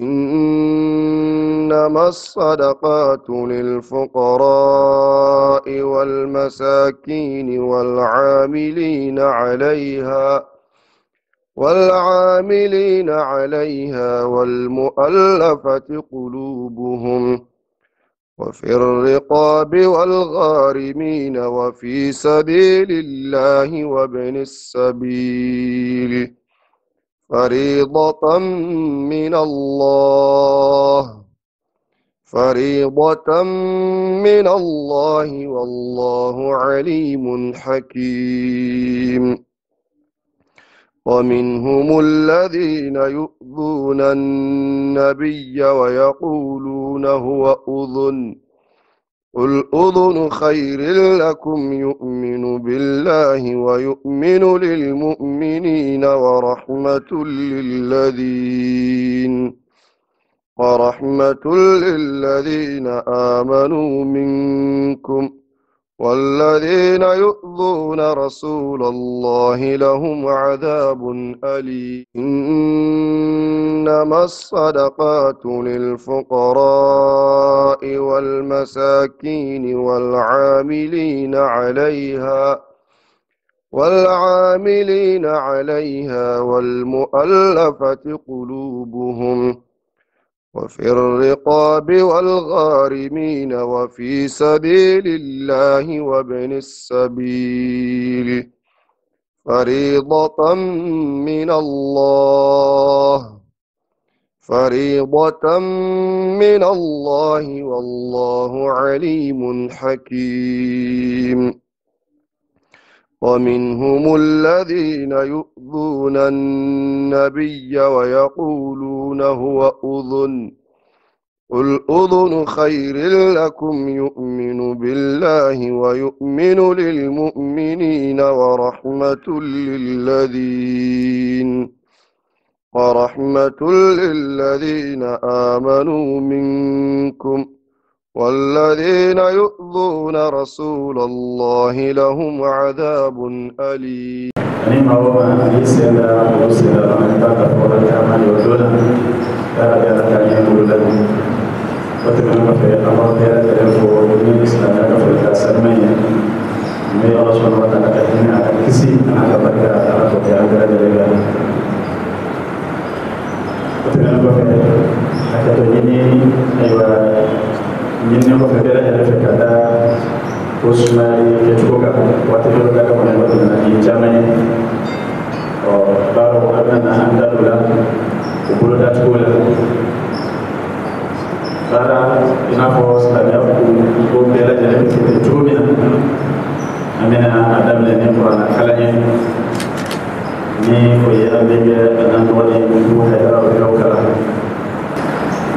إنما الصدقات للفقراء والمساكين والعاملين عليها والعاملين عليها والمؤلفة قلوبهم وفي الرقاب والغارمين وفي سبيل الله وابن السبيل فريضة من الله فريضة من الله والله عليم حكيم ومنهم الذين يؤذون النبي ويقولون هو أذن قل أذن خير لكم يؤمن بالله ويؤمن للمؤمنين ورحمة للذين ورحمة للذين آمنوا منكم ۖ والذين يؤذون رسول الله لهم عذاب أليم إنما الصدقات للفقراء والمساكين والعاملين عليها والعاملين عليها والمؤلفة قلوبهم وفي الرقاب والغارمين وفي سبيل الله وابن السبيل فريضة من الله فريضة من الله والله عليم حكيم ومنهم الذين يؤذون النبي ويقولون هو أذن قل أذن خير لكم يؤمن بالله ويؤمن للمؤمنين ورحمة للذين ورحمة للذين آمنوا منكم ۖ والذين يؤذون رسول الله لهم عذاب أليم أنيم في أمر في الله في ɲinini kɔfɛ bɛɛ lajɛlen fɛ ka da ko sumayali kɛcogo kan waati dɔ da kɔnɔ yɔrɔ tɛmɛna ni caman ye ɔ baaraw a bɛna na an da don la o bolo datugu la baara i n'a fɔ silamɛya ko bɛɛ lajɛlen bɛ kɛ cogo min na an bɛna a daminɛ ni kuranna kalan ye ni o ye an bɛ kɛ an na dɔgɔnin ko hayidara o yɔrɔ kalan.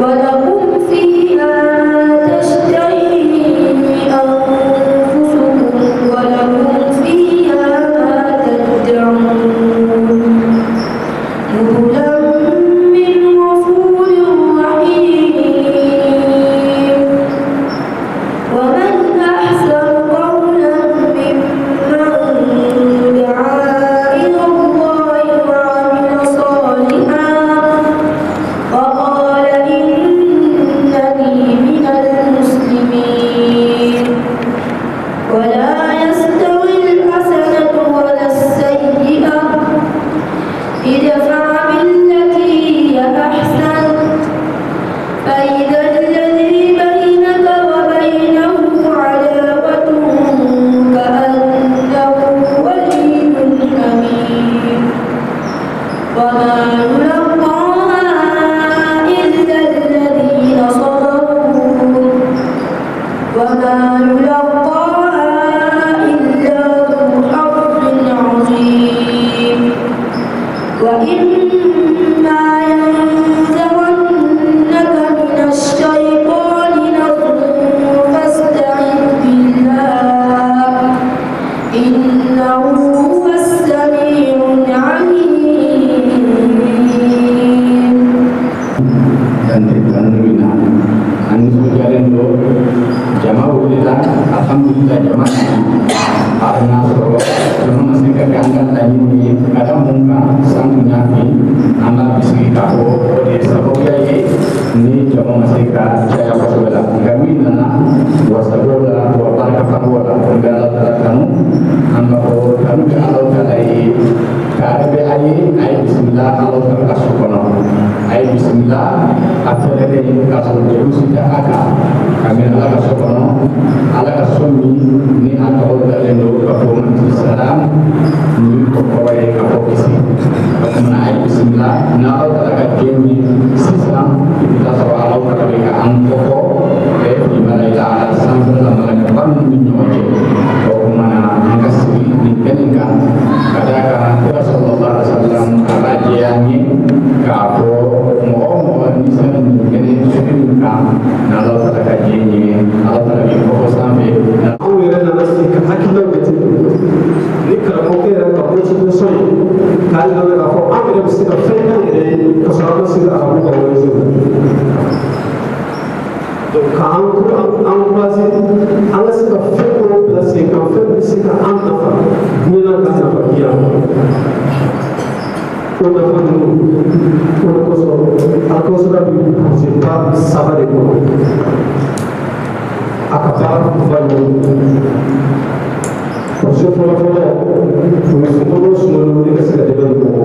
我。وإن memastikan saya apa sebelah kami menang kuasa bola kuasa kata bola alat alat kamu anda boleh kami tidak ada kada be ayi ay bismillah Allah taala subhanahu wa ta'ala ay bismillah atere de ni ka so de usi ta aka kami ala ka so kono ala ka so ni ni ata ho ta le no ka ko man salam ni ko ko ay ka ko si na ay bismillah na ala ka ka ke ni si salam ta so ala ka ka be ka an ko ko e ni ma ala ta ala sam ta ma ka ban ni no je o de kosɔn a kɔsɔra bi je pa saba de kɔ a ka baara kunba ninnu parce que fɔlɔfɔlɔ musokɔrɔ sunɔgɔ de ka se ka dɛmɛ ninnu kɔ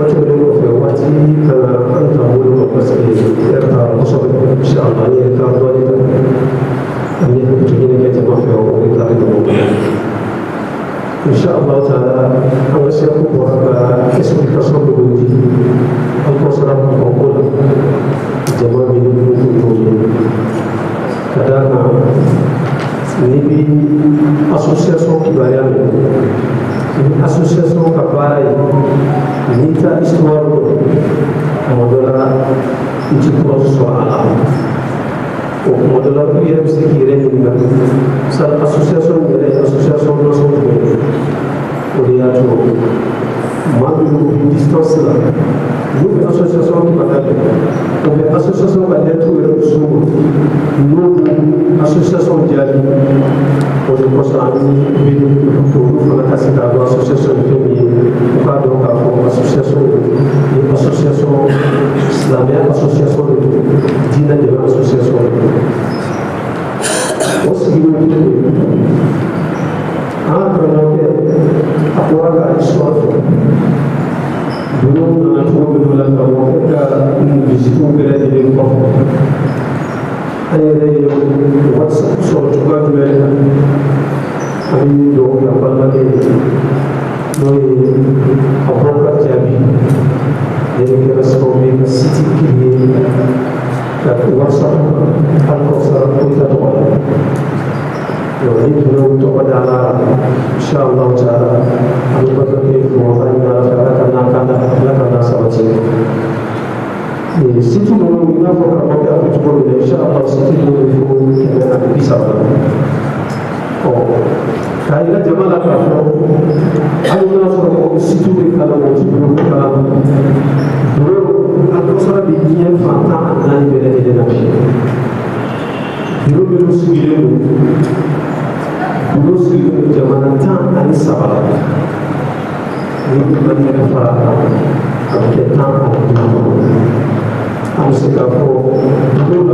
وتبدو فهواتي أن تقول مسألة إرتاع القصر شعبانية كاردوالدة أن يكتبين كتبوحي وإطلاق الموضوع إن شاء الله تعالى أول سيكون وهذا اسم القصر بوجودي القصر موجودة تمام الوجود كذلك نبي أسوسياسيون كبارية associação capaz Nita Histórico, modola intitulada Soala. O modola que ia se querer ligar, essa associação era associação do nosso povo. O mandou distorção. Nous, l'association qui va d'aller. Donc, l'association va d'être ouverte sur nous, l'association qui a dit, pour le prochain ami, pour nous faire la tasse d'avoir l'association de famille, pour donc avoir l'association de l'association, la meilleure association de tout, dîner de l'association de tout. Aussi, nous, άντρα τα οποία αφορά κάτι σκότω. Δουλούν τον αρχικό με τον λαθρό, έκα είναι φυσικό και δεν είναι κόμμα. Έλεγε ο Βάτσακ, ο Τσοκάτου με ένα, αφήνει το όμοια πάντα και noi avvocati abbiamo delle persone che si chiedono da cosa qualcosa poi da dove 有一天我做大家上到这，我们可以模仿那个那个那个那个那个那个手机。你新出的路，那我搞不了，做不了，上到新出的路，我肯定还是比较难。哦，还有个什么那个，还有那个我们新出的那个我们那个，那个那个啥的，你也放他，那你别来别来那些，比如比如手机的路。Terus kita berjamanan tak Ini sabar Ini bukan yang faham Kalau kita tak Aku sekalipun Dulu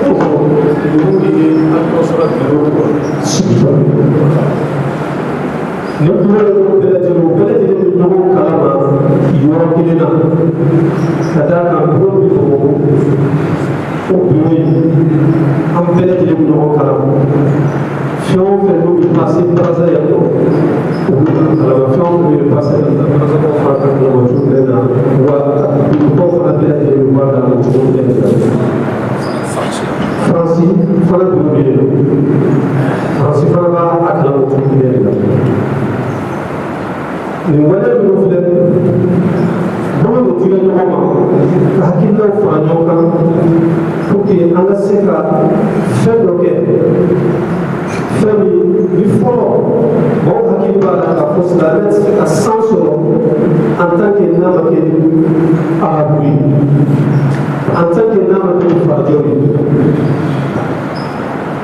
오고 누구에게 한것으로 배우고 12번 너그러고 배라지고 배라지는 너무 가마 유혹이나 가다가 부러지고 오비오이 한 배라지는 너무 가마 fɛn o fɛn n'o bɛ pase parasa yan nɔ o bɛ kalama fɛn o fɛn bɛ pase yan nɔ parasaw fana ka kan ka cogo bɛɛ na wa dugutɔw fana bɛɛ lajɛlen b'a la o cogo bɛɛ la. فرنسية فرنسي فلد مبيل فرنسي فلد أكل مبيل الولد المفلد dɔw bɛ tila ɲɔgɔn ma ka hakilinaw fara ɲɔgɔn kan pour que an ka se ka fɛn dɔ kɛ fɛn min ni fɔlɔ mɔgɔw hakili b'a la k'a fɔ silamɛ tɛ se ka san sɔrɔ en tant que n'a ma kɛ arabu ye ansaki nama kufadiyo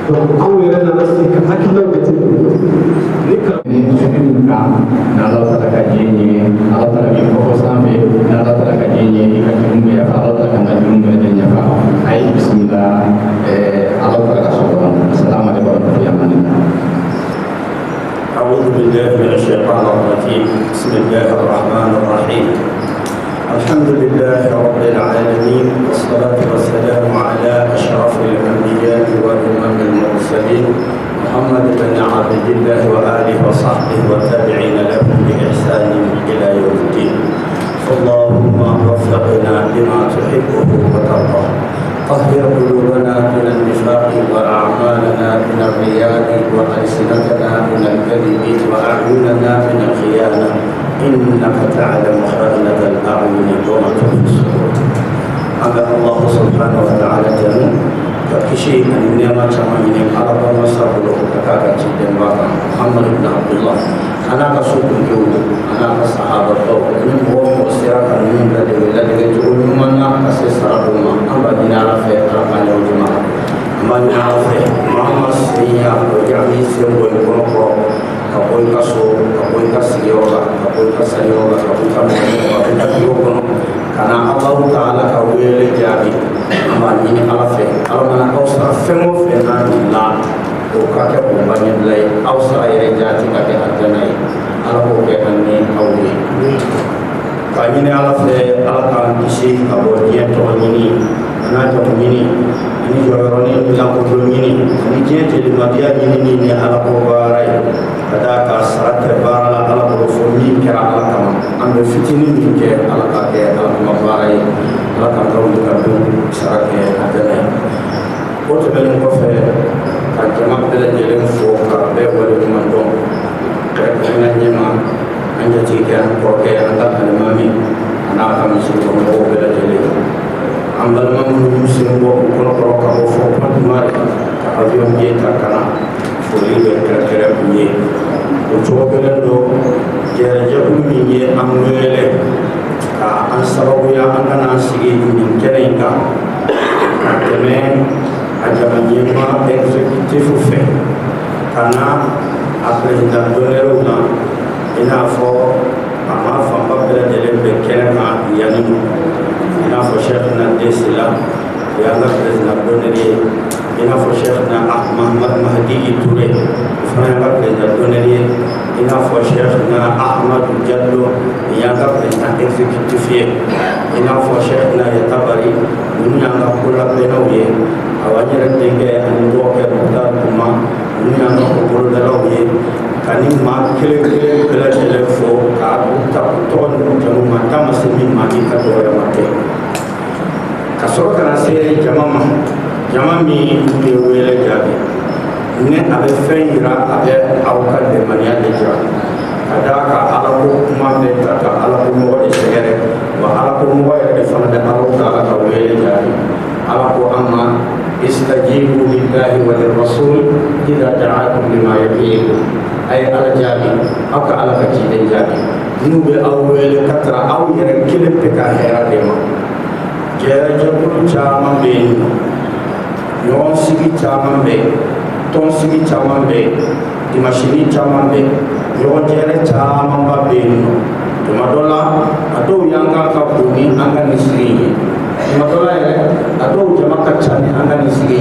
donc anw yɛrɛ nana se ka hakililaw jate ni kalafili kan ni ala taara ka diɲɛ ɲini ala taara k'i kɔkɔ sanfɛ ni ala taara ka diɲɛ ɲini i ka jugu bɛɛ yafa ala taara ka n ka jugu bɛɛ lajɛlen yafa a ye bisimila ala taara ka sɔrɔ ma salamu aleykum wa rahmatulahi أعوذ بالله من الشيطان الرجيم بسم الله الرحمن الرحيم الحمد لله رب العالمين والصلاة والسلام على أشرف الأنبياء والأمم المرسلين محمد بن عبد الله وآله وصحبه والتابعين له بإحسان إلى يوم الدين اللهم وفقنا لما تحبه وترضاه طهر قلوبنا من النفاق وأعمالنا من الرياء وألسنتنا من الكذب وأعيننا من الخيانة إنك تعلم خائنة الأعين وما تخفي الصدور أما الله سبحانه وتعالى جميل فكشي من نعمة من الأرض مصر له كتابة جدا محمد بن عبد الله أنا رسول الجود أنا الصحابة من هو مسيرك من الذي الذي تقول من أقص سرهما أما بنار في أرقان الجماعة من عرفه محمد سيئة وجعله سر ويقرقه kapoy ka so, kapoy ka si yoga, kapoy ka sa yoga, kapoy ka mga yoga, kapoy ka tiyo ko no, kana abaw ka ala ka wele jabi, ama nini ala fe, ala mga nakaw sa fe mo fe na nila, o kake po ba niya blay, aw sa ayre jati kake hajanay, ala po ke ane kawwe. Kami ala fe, ala ka kisi kabo diya to nini, ana to nini, ini jororoni, ini jangkutu nini, ini jenjeli matiya nini nini ala po barai, ala po kada ka sarate bara la ala bolo fo mi kera ala kama an be fitini min ke ala ka ke ala kuma baara ye ala ka kaw ni ka do sarake a dɛmɛ o tɛmɛlen kɔfɛ ka jama bɛlajɛlen fo ka bɛɛ wale kuma dɔn kɛrɛkɛrɛnga ɲɛma an jatigikɛ an kɔrɔkɛ an ka alima min a n'a ka misi kɔnɔmɔgɔw bɛlajɛlen an balima minnu sen bɔ u kɔnɔkɔrɔ ka bɔ fɔ patumare ka avion ye ka kana foli bɛ kɛrɛkɛrɛ u ye o cogo kelen don jɛrɛjɛkulu min ye an wele ka an sababuya an kana an sigi nin kɛnɛ in kan ka tɛmɛ a jama ɲɛma ɛgizekitifu fɛ ka na a perezidan dɔnɛrɛw na i n'a fɔ a ma fanba bɛɛ lajɛlen bɛ kɛnɛ kan yanni i n'a fɔ sɛki na desila Allah président Donnerie i n'a fɔ Cheikhna Ahmad Mahdi Touré o fana y'an ka président Donnerie ye i n'a fɔ Cheikhna Ahmad Diallo nin y'an ka président exécutif ye i n'a fɔ Cheikhna Yatabari ninnu y'an ka kolabɛnnaw ye awɔ an yɛrɛ denkɛ ani dɔgɔkɛ Mukhtar Duma ninnu y'an ka bolodalaw ye ka nin maa kelen kelen bɛɛ lajɛlen fo k'a ta tɔgɔ ninnu jamu ma taa ma se min ma n'i ka dɔgɔyama tɛ ka sɔrɔ kana se jama ma jama min tun ye wele jaabi ne a bɛ fɛn yira a bɛ aw ka lɛmaniya de ja ka daa ka alako kuma bɛ ta ka alako mɔgɔ de sɛgɛrɛ wa alako mɔgɔ yɛrɛ de fana bɛ alako ka ala ka wele jaabi ala ko an ma istajibu lillahi wa lirasul ida daakum lima yaqin a ye ala jaabi aw ka ala ka ciden jaabi n'u bɛ aw wele ka tara aw yɛrɛ kelen bɛ ka hɛɛra de ma kera jabu chaman be yon sigi chaman be ton sigi chaman be dimashini chaman be yon kera chaman ba be dimadola adou yang ka kuni anga nisri dimadola ere adou jama ka chani anga nisri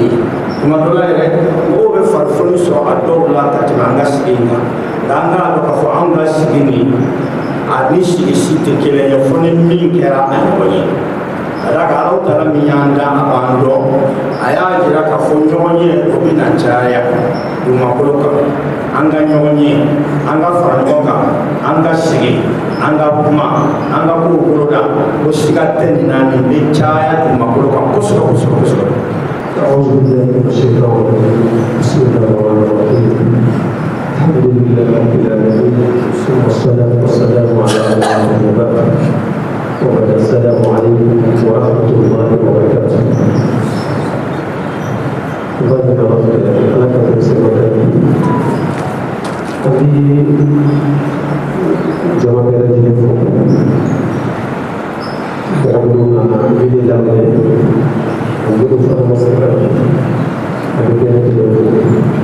dimadola ere mou be farfuni so adou la kati anga sigi nga danga adou ka fo anga sigi ni Ani sigi sigi kelenya fone min kera anga nisri adaka aw tara min y'an da a b'an dɔn a y'a jira ka fɔ ɲɔgɔn ye o bena caya dumakolo kan an ka ɲɔgɔn ye an ka fara ɲɔgɔn kan an ka sigi an ka kuma an ka kow boloda ko siga tɛ ni naani be caya dumakolo kan kosɛbɛ kosɛbɛ kosɛbɛ أعوذ بالله من الشيطان الرجيم بسم الله الرحمن الرحيم الحمد لله رب العالمين والصلاة والسلام على أبي بكر السلام عليكم ورحمة الله وبركاته بارك الله لك في سيدنا النبي جماعة الدين فقولنا بيد الله وبيد الله سبحانه وتعالى